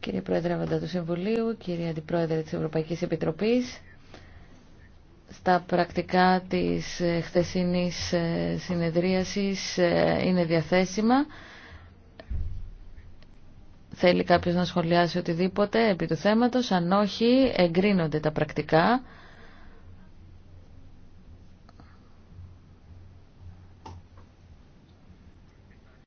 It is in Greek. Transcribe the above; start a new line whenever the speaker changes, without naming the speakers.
Κύριε Πρόεδρε του Συμβουλίου, κύριε Αντιπρόεδρε της Ευρωπαϊκής Επιτροπής, στα πρακτικά της χθεσινής ε, συνεδρίασης ε, είναι διαθέσιμα. Θέλει κάποιος να σχολιάσει οτιδήποτε επί του θέματος, αν όχι εγκρίνονται τα πρακτικά.